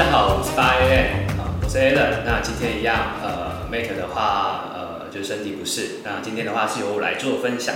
大家好，我是八 A，啊，我是 Alan。那今天一樣，呃 m a k e 的話，呃，就是身體不適。那今天的話是由我來做分享。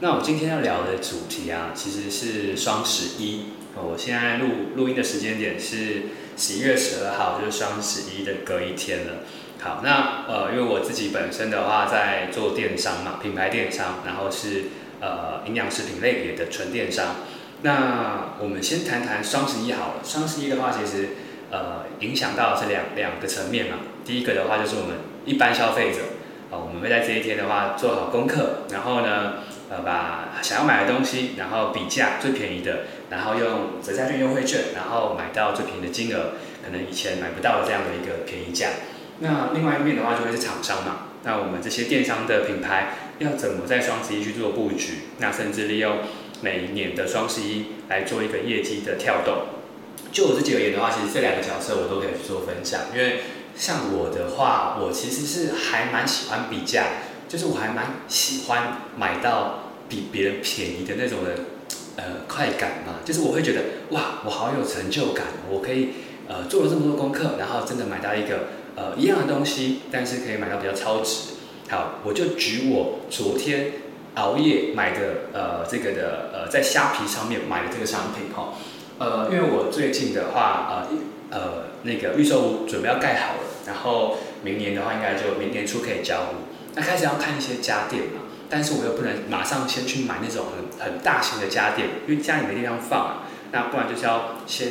那我今天要聊的主題啊，其實是雙十一。我現在錄錄音的時間點是十一月十二號，就是雙十一的隔一天了。好，那呃，因為我自己本身的話在做電商嘛，品牌電商，然後是呃營養食品類別的純電商。那我們先談談雙十一好了。雙十一的話，其實。呃，影響到是兩兩個層面嘛。第一個的話就是我們一般消費者，啊、呃，我們會在這一天的話做好功課，然後呢，呃，把想要買的東西，然後比價最便宜的，然後用折價券優惠券，然後買到最便宜的金額，可能以前買不到的這樣的一個便宜價。那另外一面的話就會是廠商嘛，那我們這些電商的品牌要怎麼在雙十一去做布局？那甚至利用每一年的雙十一來做一個業績的跳動。就我自己而言的話，其實這兩個角色我都可以做分享，因為像我的話，我其實是還蠻喜歡比價，就是我還蠻喜歡買到比別人便宜的那種的，呃，快感嘛，就是我會覺得哇，我好有成就感，我可以呃做了這麼多功課，然後真的買到一個呃一樣的東西，但是可以買到比較超值。好，我就舉我昨天熬夜買的呃這個的呃在蝦皮上面買的這個商品哈。呃，因為我最近的話，呃，呃，那個預售屋準備要蓋好了，然後明年的話應該就明年初可以交屋。那開始要看一些家電嘛，但是我又不能馬上先去買那種很很大型的家電，因為家裡沒地方放啊，那不然就是要先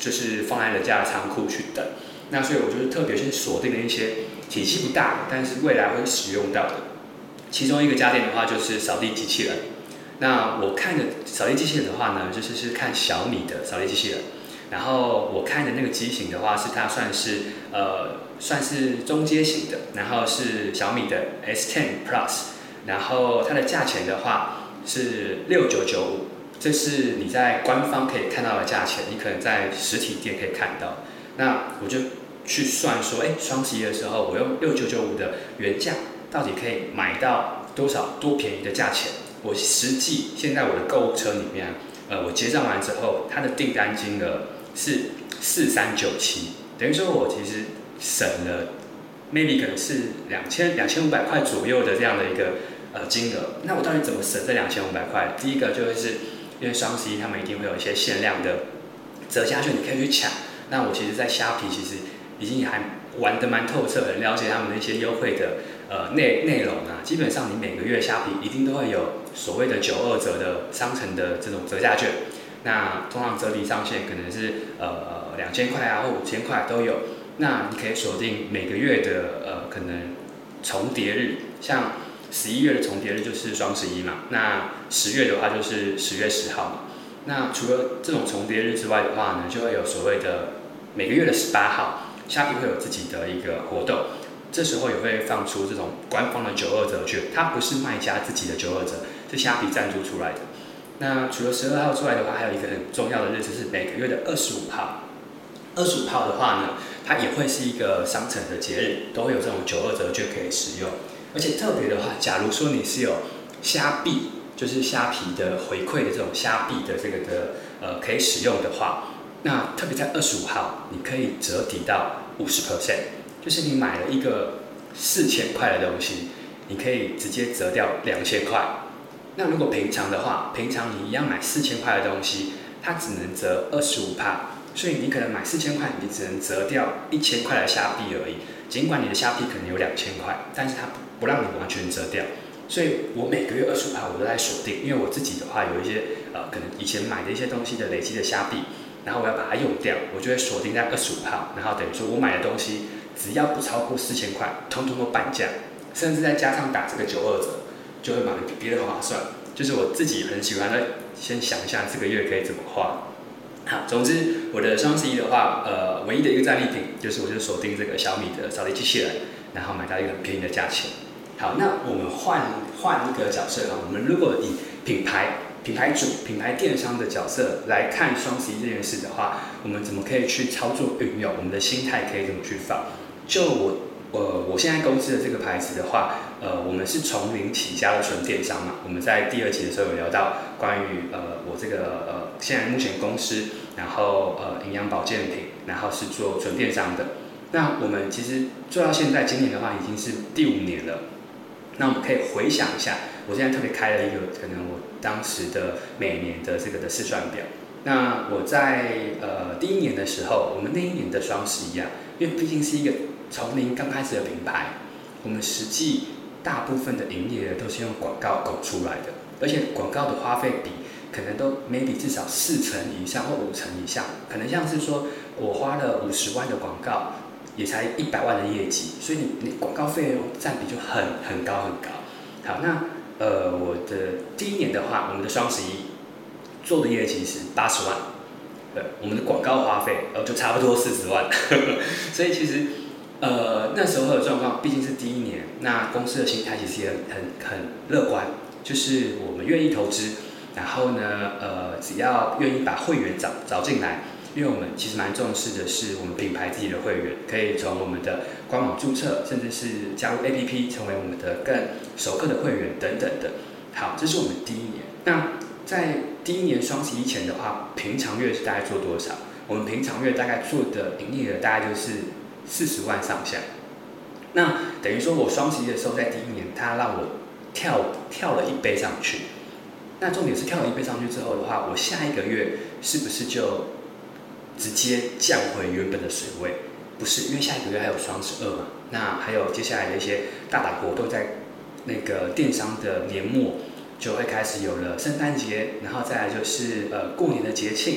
就是放在人家的倉庫去等。那所以我就是特別先鎖定了一些體積不大，但是未來會使用到的。其中一個家電的話就是掃地機器人。那我看的掃地機器人的話呢，就是是看小米的掃地機器人，然後我看的那個機型的話是它算是呃算是中階型的，然後是小米的 S10 Plus，然後它的價錢的話是六九九五，這是你在官方可以看到的價錢，你可能在實體店可以看到。那我就去算說，哎、欸，雙十一的時候我用六九九五的原價到底可以買到多少多便宜的價錢？我實際，現在我的購物車裡面，呃，我結賬完之後，它的訂單金額是四三九七，等於說我其實省了，maybe 可能是兩千兩千五百塊左右的這樣的一個呃金額。那我到底怎麼省這兩千五百塊？第一個就是，因為雙十一他們一定會有一些限量的折價券，你可以去搶。那我其實，在蝦皮其實，已經還玩得蠻透徹，很了解他們的一些優惠的呃內內容啊。基本上你每個月蝦皮一定都會有所謂的九二折的商城的這種折價券。那通常折抵上限可能是呃兩千塊啊，或五千塊都有。那你可以鎖定每個月的呃可能重疊日，像十一月的重疊日就是雙十一嘛。那十月的話就是十月十號嘛。那除了這種重疊日之外的話呢，就會有所謂的每個月的十八號。蝦皮會有自己的一個活動，這時候也會放出這種官方的九二折券，它不是賣家自己的九二折，是蝦皮贊助出來的。那除了十二號出來的話，還有一個很重要的日子是每個月的二十五號。二十五號的話呢，它也會是一個商城的節日，都會有這種九二折券可以使用。而且特別的話，假如說你是有蝦幣，就是蝦皮的回饋的這種蝦幣的這個的呃可以使用的話，那特別在二十五號，你可以折抵到。五十 percent，就是你買了一個四千塊的東西，你可以直接折掉兩千塊。那如果平常的話，平常你一樣買四千塊的東西，它只能折二十五帕，所以你可能買四千塊，你只能折掉一千塊的蝦幣而已。儘管你的蝦幣可能有兩千塊，但是它不讓你完全折掉。所以我每個月二十五帕，我都在鎖定，因為我自己的話有一些呃，可能以前買的一些東西的累積的蝦幣。然後我要把它用掉，我就會鎖定在二十五號。然後等於說，我買的東西只要不超過四千塊，通通都半價，甚至再加上打這個九二折，就會買別的比別人划算。就是我自己很喜歡的，先想一下這個月可以怎麼花。好，總之我的雙十一的話，呃，唯一的一個戰利品就是我就鎖定這個小米的掃地機器人，然後買到一個很便宜的價錢。好，那我們換換一個角色啊，我們如果以品牌品牌主、品牌電商的角色來看雙十一這件事的話，我們怎麼可以去操作運用？我們的心態可以怎麼去放？就我呃，我現在公司的這個牌子的話，呃，我們是從零起家的純電商嘛。我們在第二期的時候有聊到關於呃，我這個呃，現在目前公司，然後呃，營養保健品，然後是做純電商的。那我們其實做到現在今年的話，已經是第五年了。那我們可以回想一下，我現在特別開了一個，可能我當時的每年的這個的試算表。那我在呃第一年的時候，我們那一年的雙十一啊，因為畢竟是一個從零剛開始的品牌，我們實際大部分的營業額都是用廣告搞出來的，而且廣告的花費比可能都 maybe 至少四成以上或五成以上，可能像是說我花了五十萬的廣告。也才一百萬的業績，所以你你廣告費用占比就很很高很高。好，那呃我的第一年的話，我們的雙十一做的業績是八十萬，對，我們的廣告花費，呃，就差不多四十萬， 所以其實呃那時候的狀況畢竟是第一年，那公司的心態其實也很很樂觀，就是我們願意投資，然後呢呃只要願意把會員找找進來。因為我們其實蠻重視的，是我們品牌自己的會員，可以從我們的官網註冊，甚至是加入 APP 成為我們的更熟客的會員等等的。好，這是我們第一年。那在第一年雙十一天前的話，平常月是大概做多少？我們平常月大概做的營業額大概就是四十萬上下。那等於說我雙十一的時候，在第一年，他讓我跳跳了一倍上去。那重點是跳了一倍上去之後的話，我下一個月是不是就？直接降回原本的水位，不是因為下一個月還有雙十二嘛？那還有接下來的一些大打活動，在那個電商的年末就會開始有了聖誕節，然後再來就是呃過年的節慶，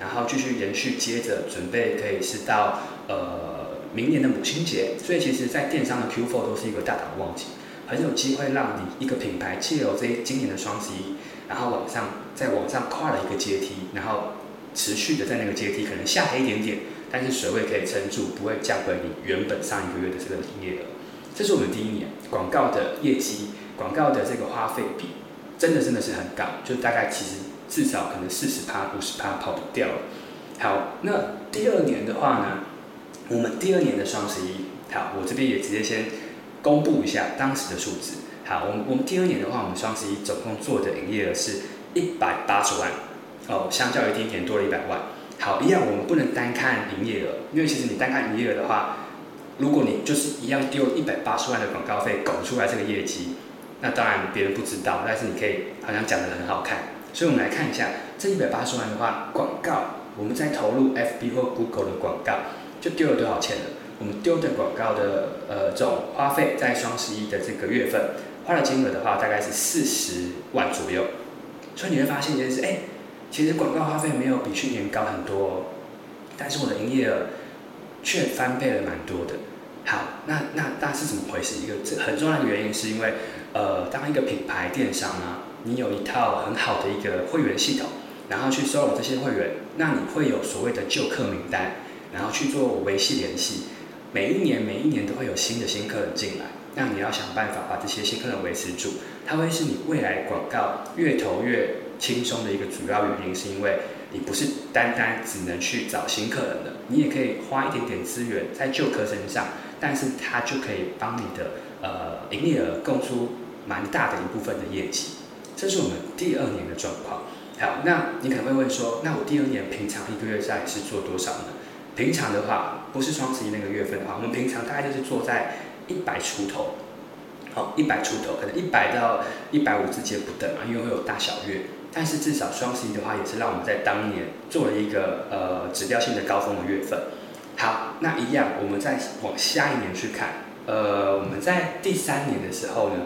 然後繼續延續，接着準備可以是到呃明年的母親節。所以其實，在電商的 Q4 都是一個大打旺季，很有機會讓你一個品牌借由這今年的雙十一，然後往上再往上跨了一個階梯，然後。持續的在那個階梯可能下一點點，但是水位可以撐住，不會降回你原本上一個月的這個營業額。這是我們第一年廣告的業績，廣告的這個花費比真的真的是很高，就大概其實至少可能四十趴、五十趴跑不掉了。好，那第二年的話呢，我們第二年的雙十一，好，我這邊也直接先公布一下當時的數字。好，我們我們第二年的話，我們雙十一總共做的營業額是一百八十萬。哦，相較於第一天多了一百萬。好，一樣我們不能單看營業額，因為其實你單看營業額的話，如果你就是一樣丟一百八十萬的廣告費搞出來這個業績，那當然別人不知道，但是你可以好像講得很好看。所以我們來看一下這一百八十萬的話，廣告我們在投入 FB 或 Google 的廣告就丟了多少錢呢？我們丟的廣告的呃總花費在雙十一的這個月份花的金額的話，大概是四十萬左右。所以你會發現一件事，哎。其實廣告花費沒有比去年高很多哦，但是我的營業額卻翻倍了蠻多的。好，那那那是怎麼回事？一個這很重要的原因是因為，呃，當一個品牌電商呢，你有一套很好的一個會員系統，然後去收容這些會員，那你會有所謂的舊客名單，然後去做維繫聯繫。每一年每一年都會有新的新客人進來，那你要想辦法把這些新客人維持住，它會是你未來廣告越投越。輕鬆的一個主要原因是因為你不是單單只能去找新客人的，你也可以花一點點資源在舊客身上，但是它就可以幫你的呃營業額供出蠻大的一部分的業績。這是我們第二年的狀況。好，那你可能會問說，那我第二年平常一個月下來是做多少呢？平常的話，不是雙十一那個月份的話，我們平常大概就是做在一百出頭，好，一百出頭，可能一百到一百五之間不等嘛，因為會有大小月。但是至少雙十一的話，也是讓我們在當年做了一個呃指標性的高峰的月份。好，那一樣，我們再往下一年去看。呃，我們在第三年的時候呢，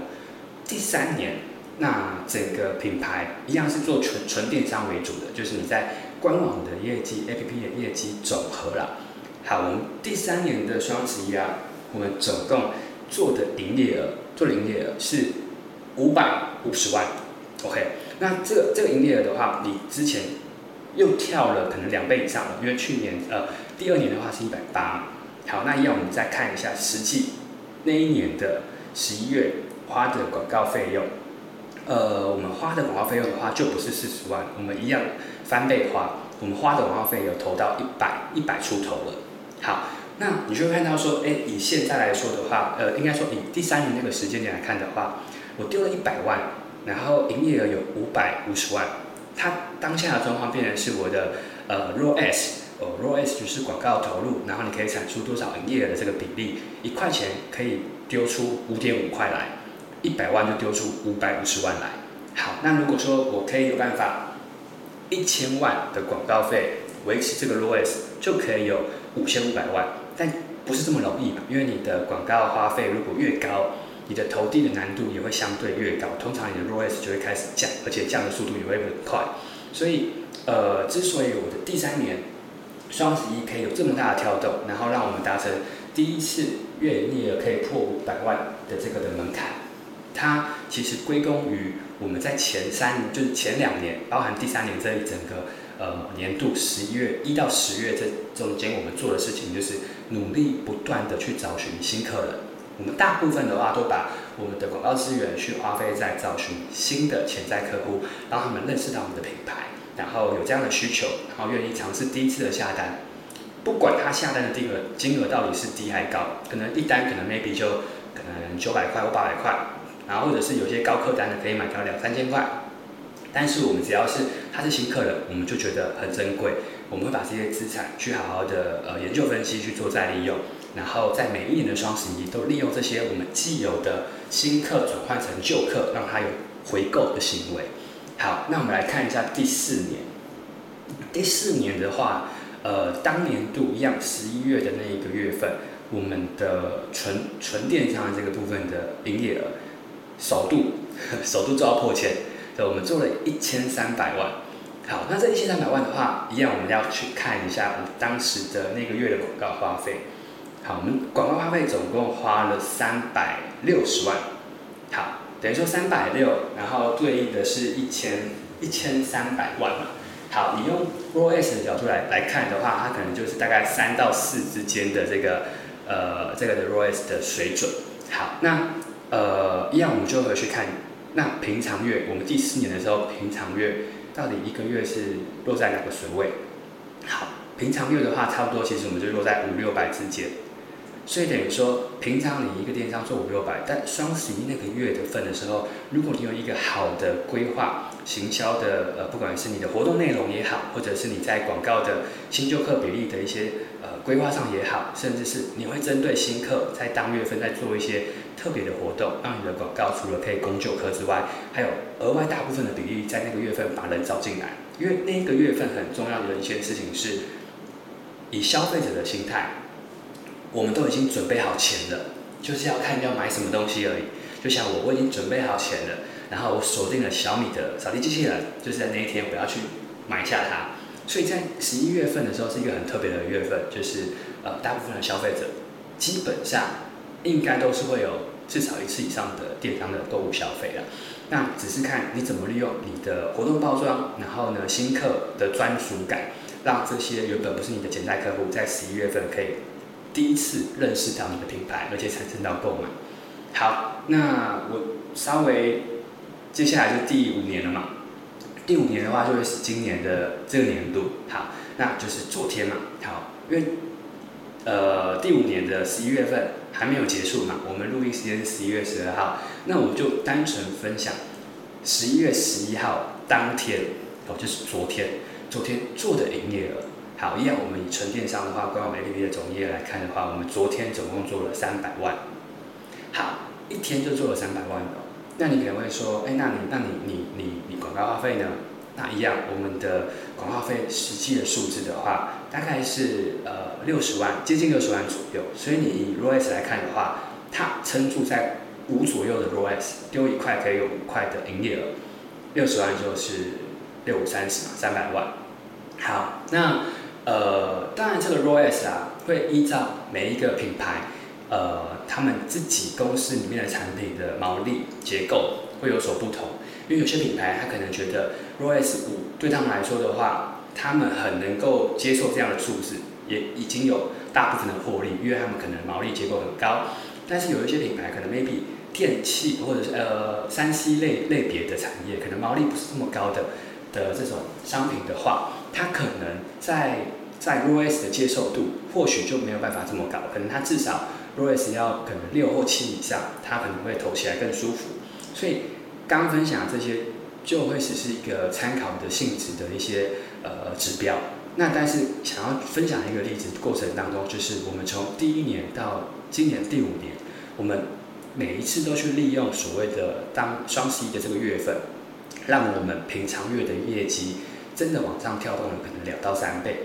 第三年那整個品牌一樣是做純純電商為主的，就是你在官網的業績、APP 的業績總和了。好，我們第三年的雙十一啊，我們總共做的營業額，做的營業額是五百五十萬。OK。那這個這個營業額的話，比之前又跳了可能兩倍以上，因為去年呃第二年的話是一百八。好，那一樣，我們再看一下實際那一年的十一月花的廣告費用，呃，我們花的廣告費用的話就不是四十萬，我們一樣翻倍花，我們花的廣告費用投到一百一百出頭了。好，那你就看到說，哎，以現在來說的話，呃，應該說以第三年那個時間點來看的話，我丟了一百萬。然後營業額有五百五十萬，它當下的狀況變成是我的呃 ROAS，哦、呃、ROAS 就是廣告投入，然後你可以產出多少營業額的這個比例，一塊錢可以丟出五點五塊來，一百萬就丟出五百五十萬來。好，那如果說我可以有辦法一千萬的廣告費維持這個 ROAS，就可以有五千五百萬，但不是這麼容易吧，因為你的廣告花費如果越高。你的投遞的難度也會相對越高，通常你的 ROAS 就會開始降，而且降的速度也會很快。所以，呃，之所以我的第三年雙十一可以有這麼大的跳動，然後讓我們達成第一次月營業額可以破五百萬的這個的門檻，它其實歸功於我們在前三，就是前兩年，包含第三年這一整個呃年度十一月一到十月這中間我們做的事情，就是努力不斷的去找尋新客人。我們大部分的話，都把我們的廣告資源去花費在找尋新的潛在客戶，讓他們認識到我們的品牌，然後有這樣的需求，然後願意嘗試第一次的下單。不管他下單的金額金額到底是低還高，可能一單可能 maybe 就可能九百塊或八百塊，然後或者是有些高客單的可以買到兩三千塊。但是我們只要是他是新客人，我們就覺得很珍貴，我們會把這些資產去好好的呃研究分析去做再利用。然後在每一年的雙十一都利用這些我們既有的新客轉換成舊客，讓他有回購的行為。好，那我們來看一下第四年。第四年的話，呃，當年度一樣，十一月的那一個月份，我們的純純電商的這個部分的營業額，首度首度做到破千。對，我們做了一千三百萬。好，那這一千三百萬的話，一樣我們要去看一下當時的那個月的廣告花費。好，我們廣告花費總共花了三百六十萬，好，等於說三百六，然後對應的是一千一千三百萬嘛。好，你用 ROAS 的角度來來看的話，它可能就是大概三到四之間的這個，呃，這個的 ROAS 的水準。好，那呃，一樣我們就回去看，那平常月我們第四年的時候，平常月到底一個月是落在哪個水位？好，平常月的話，差不多其實我們就落在五六百之間。所以等於說，平常你一個電商做五六百，但雙十一那個月的份的時候，如果你有一個好的規劃、行銷的呃，不管是你的活動內容也好，或者是你在廣告的新舊客比例的一些呃規劃上也好，甚至是你會針對新客在當月份在做一些特別的活動，讓你的廣告除了可以攻舊客之外，還有額外大部分的比例在那個月份把人找進來，因為那個月份很重要的一件事情是，以消費者的心態。我們都已經準備好錢了，就是要看要買什麼東西而已。就像我，我已經準備好錢了，然後我鎖定了小米的掃地機器人，就是在那一天我要去買下它。所以在十一月份的時候是一個很特別的月份，就是呃，大部分的消費者基本上應該都是會有至少一次以上的電商的購物消費了。那只是看你怎麼利用你的活動包裝，然後呢，新客的專屬感，讓這些原本不是你的潛在客戶在十一月份可以。第一次認識到你的品牌，而且產生到購買。好，那我稍微接下來就第五年了嘛。第五年的話，就會是今年的這個年度。好，那就是昨天嘛。好，因為呃第五年的十一月份還沒有結束嘛，我們錄音時間是十一月十二號。那我就單純分享十一月十一號當天，哦，就是昨天，昨天做的營業額。好，一樣，我們以純電商的話，官網 APP 的總業績來看的話，我們昨天總共做了三百萬。好，一天就做了三百萬的。那你可能會說，哎，那你、欸、那你那你你你廣告花費呢？那一樣，我們的廣告費實際的數字的話，大概是呃六十萬，接近六十萬左右。所以你以 ROAS 來看的話，它撐住在五左右的 ROAS，丟一塊可以有五塊的營業額，六十萬就是六五三十嘛，三百萬。好，那。呃，當然，這個 ROAS 啊，會依照每一個品牌，呃，他們自己公司裡面的產品的毛利結構會有所不同。因為有些品牌，他可能覺得 ROAS 五對他們來說的話，他們很能夠接受這樣的數字，也已經有大部分的獲利，因為他們可能毛利結構很高。但是有一些品牌，可能 maybe 電器或者是呃，三 C 類類別的產業，可能毛利不是那麼高的。的這種商品的話，它可能在在 ROAS 的接受度或許就沒有辦法這麼高，可能它至少 ROAS 要可能六或七以上，它可能會投起來更舒服。所以剛分享這些就會只是一個參考的性質的一些呃指標。那但是想要分享一個例子的過程當中，就是我們從第一年到今年第五年，我們每一次都去利用所謂的當雙十一的這個月份。讓我們平常月的業績真的往上跳動了，可能兩到三倍，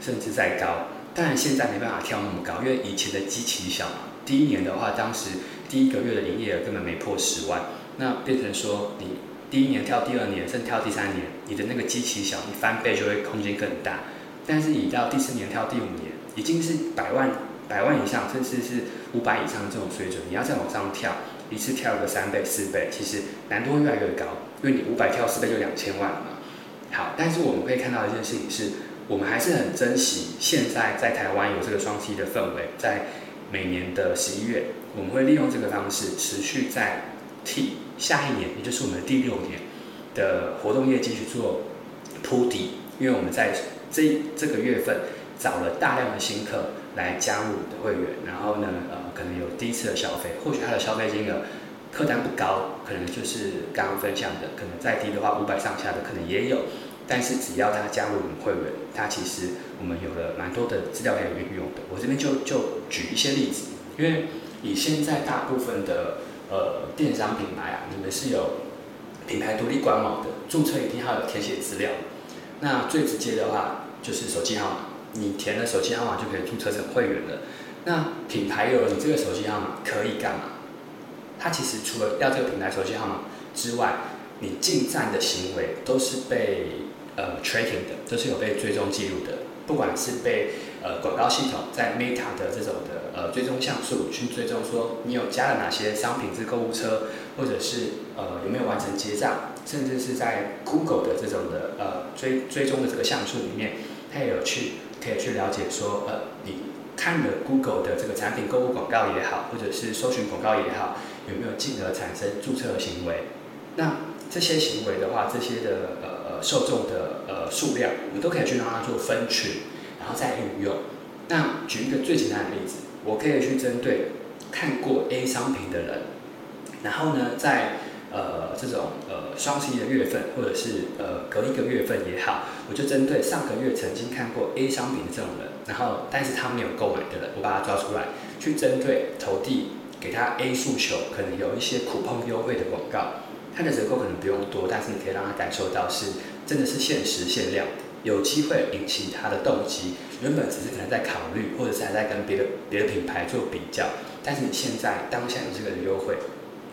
甚至再高。當然現在沒辦法跳那麼高，因為以前的基期小。第一年的話，當時第一個月的營業額根本沒破十萬，那變成說你第一年跳第二年，甚至跳第三年，你的那個基期小，你翻倍就會空間更大。但是你到第四年跳第五年，已經是百萬、百萬以上，甚至是五百以上的這種水準，你要再往上跳，一次跳個三倍、四倍，其實難度會越來越高。因為你五百跳四倍就兩千萬了嘛。好，但是我們可以看到一件事情是，我們還是很珍惜現在在台灣有這個雙十一的氛圍。在每年的十一月，我們會利用這個方式，持續在替下一年，也就是我們的第六年的活動業績去做鋪底。因為我們在這這個月份找了大量的新客來加入我們的會員，然後呢，呃，可能有第一次的消費，或許他的消費金額。客單不高，可能就是剛剛分享的，可能再低的話五百上下的可能也有，但是只要他加入我們會員，他其實我們有了蠻多的資料可以運用的。我這邊就就舉一些例子，因為你現在大部分的呃電商品牌啊，你們是有品牌獨立官網的，註冊一定要有填寫資料。那最直接的話就是手機號碼，你填了手機號碼就可以註冊成會員了。那品牌有、呃、了，你這個手機號碼可以幹嘛？它其實除了要這個平台手機號碼之外，你進站的行為都是被呃 tracking 的，都是有被追蹤記錄的。不管是被呃廣告系統在 Meta 的這種的呃追蹤像素去追蹤說你有加了哪些商品至購物車，或者是呃有沒有完成結賬，甚至是在 Google 的這種的呃追追蹤的這個像素裡面，它也有去可以去了解說呃你看了 Google 的這個產品、購物廣告也好，或者是搜尋廣告也好，有沒有進而產生註冊行為？那這些行為的話，這些的呃受的呃受眾的呃數量，我們都可以去讓它做分群，然後再運用。那舉一個最簡單的例子，我可以去針對看過 A 商品的人，然後呢，在呃，這種呃雙十一的月份，或者是呃隔一個月份也好，我就針對上個月曾經看過 A 商品的這種人，然後但是他沒有購買的人，我把他抓出來，去針對投遞給他 A 訴求，可能有一些 coupon 優惠的廣告，他的折扣可能不用多，但是你可以讓他感受到是真的是限時限量，有機會引起他的動機，原本只是可能在考慮，或者是還在跟別的別的品牌做比較，但是你現在當下有這個的優惠。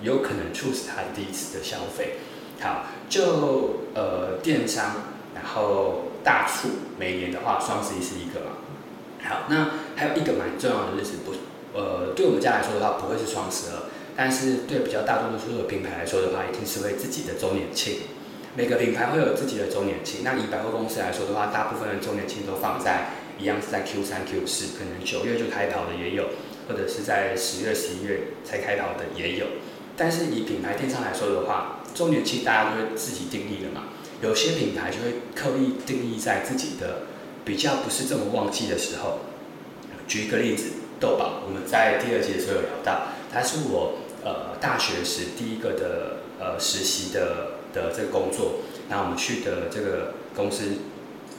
有可能促使他第一次的消費。好，就呃電商，然後大促，每年的話雙十一是一個嘛。好，那還有一個蠻重要的日子，不呃對我們家來說的話不會是雙十二，但是對比較大多數的品牌來說的話，一定是會自己的週年慶。每個品牌會有自己的週年慶。那以百貨公司來說的話，大部分的週年慶都放在一樣是在 Q 三 Q 四，可能九月就開跑的也有，或者是在十月十一月才開跑的也有。但是以品牌電商來說的話，週年慶大家都會自己定義的嘛。有些品牌就會刻意定義在自己的比較不是這麼旺季的時候。舉一個例子，豆寶，我們在第二集的時候有聊到，它是我呃大學時第一個的呃實習的的這個工作，然後我們去的這個公司，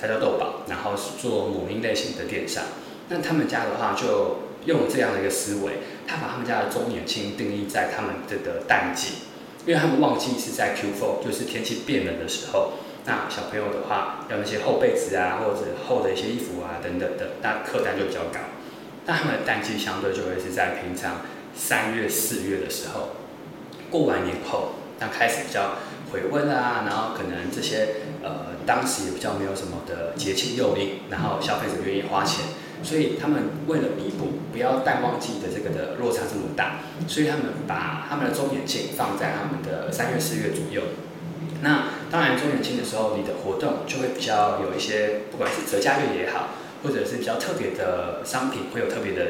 它叫豆寶，然後是做母嬰類型的電商。那他們家的話就。用這樣的一個思維，他把他們家的週年慶定義在他們這個淡季，因為他們旺季是在 Q4，就是天氣變冷的時候。那小朋友的話，要那些厚被子啊，或者厚的一些衣服啊，等等的，那客單就比較高。那他們的淡季相對就會是在平常三月四月的時候，過完年後，那開始比較回溫啦、啊，然後可能這些呃當時也比較沒有什麼的節慶誘因，然後消費者願意花錢。所以他們為了彌補不要淡旺季的這個的落差這麼大，所以他們把他們的周年慶放在他們的三月四月左右。那當然周年慶的時候，你的活動就會比較有一些，不管是折價月也好，或者是比較特別的商品，會有特別的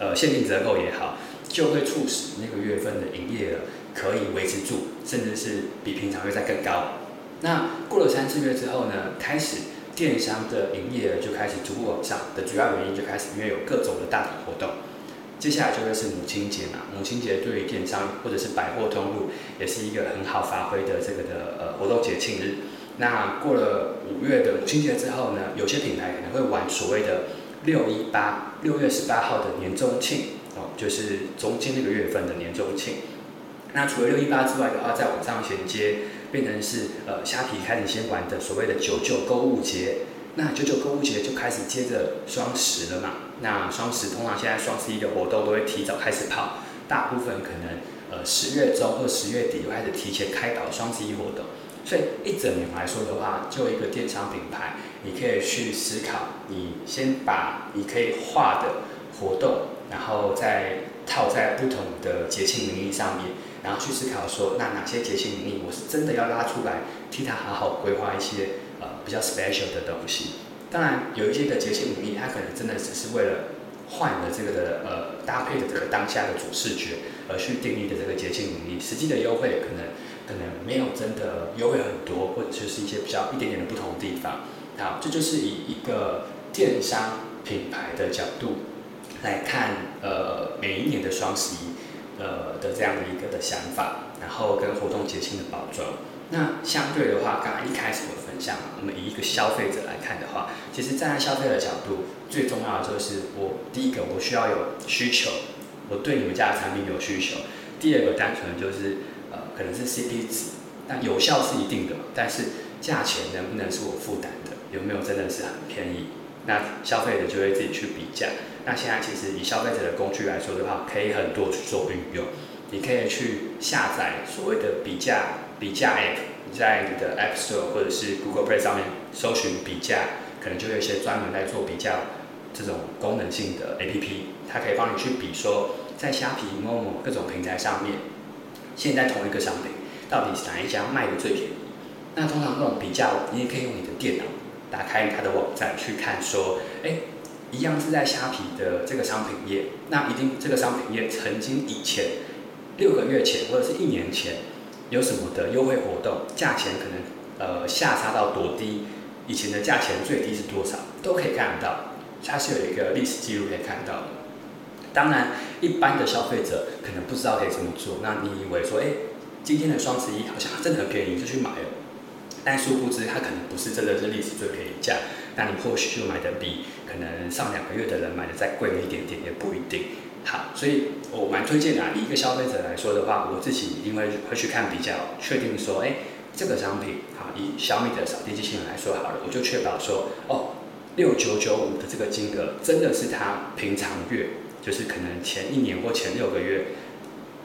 呃限定折扣也好，就會促使那個月份的營業額可以維持住，甚至是比平常會再更高。那過了三四月之後呢，開始。電商的營業額就開始逐步往上，的主要原因就開始因為有各種的大促活動。接下來就會是母親節嘛，母親節對於電商或者是百貨通路也是一個很好發揮的這個的呃活動節慶日。那過了五月的母親節之後呢，有些品牌可能會玩所謂的六一八，六月十八號的年中慶哦，就是中間那個月份的年中慶。那除了六一八之外的話，在網上銜接。變成是呃，蝦皮開始先玩的所謂的九九購物節，那九九購物節就開始接着雙十了嘛。那雙十通常現在雙十一的活動都會提早開始跑，大部分可能呃十月中或十月底就開始提前開搞雙十一活動。所以一整年來說的話，就一個電商品牌，你可以去思考，你先把你可以畫的活動，然後再。套在不同的節慶名義上面，然後去思考說，那哪些節慶名義我是真的要拉出來，替他好好規劃一些呃比較 special 的東西。當然，有一些的節慶名義，它可能真的只是為了換了這個的呃搭配的這個當下的主視覺而去定義的這個節慶名義，實際的優惠可能可能沒有真的優惠很多，或者就是一些比較一點點的不同的地方。好，這就是以一個電商品牌的角度。來看，呃，每一年的雙十一，呃的這樣的一個的想法，然後跟活動節慶的包裝。那相對的話，剛剛一開始我的分享，我們以一個消費者來看的話，其實站在消費者的角度，最重要的就是我第一個我需要有需求，我對你們家的產品有需求。第二個單純就是，呃，可能是 CP 值，但有效是一定的，但是價錢能不能是我負擔的？有沒有真的是很便宜？那消費者就會自己去比價。那現在其實以消費者的工具來說的話，可以很多去做運用。你可以去下載所謂的比價比價 app，在你的 App Store 或者是 Google Play 上面搜尋比價，可能就有一些專門來做比較這種功能性的 app，它可以幫你去比說，在蝦皮、某某各種平台上面，現在同一個商品到底是哪一家賣的最便宜。那通常這種比價你也可以用你的電腦打開它的網站去看說，哎、欸。一樣是在蝦皮的這個商品頁，那一定這個商品頁曾經以前六個月前或者是一年前有什麼的優惠活動，價錢可能呃下殺到多低，以前的價錢最低是多少都可以看得到，它是有一個歷史記錄可以看到的。當然，一般的消費者可能不知道該怎麼做，那你以為說哎，今天的雙十一好像真的很便宜就去買了，但殊不知它可能不是真的是歷史最便宜價，那你或許就買的比。可能上兩個月的人買的再貴一點點也不一定好，所以我蠻推薦的啊。以一個消費者來說的話，我自己一定會會去看比較，確定說，哎、欸，這個商品好，以小米的掃地機器人來說好了，我就確保說，哦，六九九五的這個金額真的是它平常月，就是可能前一年或前六個月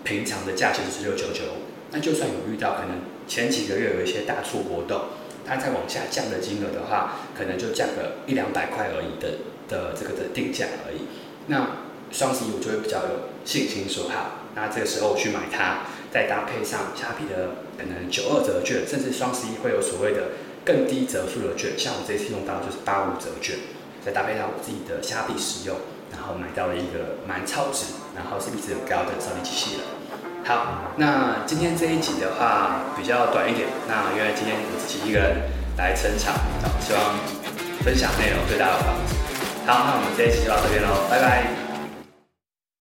平常的價錢是六九九五，那就算有遇到可能前幾個月有一些大促活動。它再往下降的金額的話，可能就降個一兩百塊而已的的，的這個的定價而已。那雙十一我就會比較有信心說好，那這個時候我去買它，再搭配上蝦皮的可能九二折券，甚至雙十一會有所謂的更低折數的券。像我這次用到的就是八五折券，再搭配上我自己的蝦皮使用，然後買到了一個蠻超值，然後性價比很高的掃地機器人。好，那今天這一集的話比較短一點，那因為今天我自己一個人來撐場，希望分享內容對大家有幫助。好，那我們這一期就到這邊嘍，拜拜。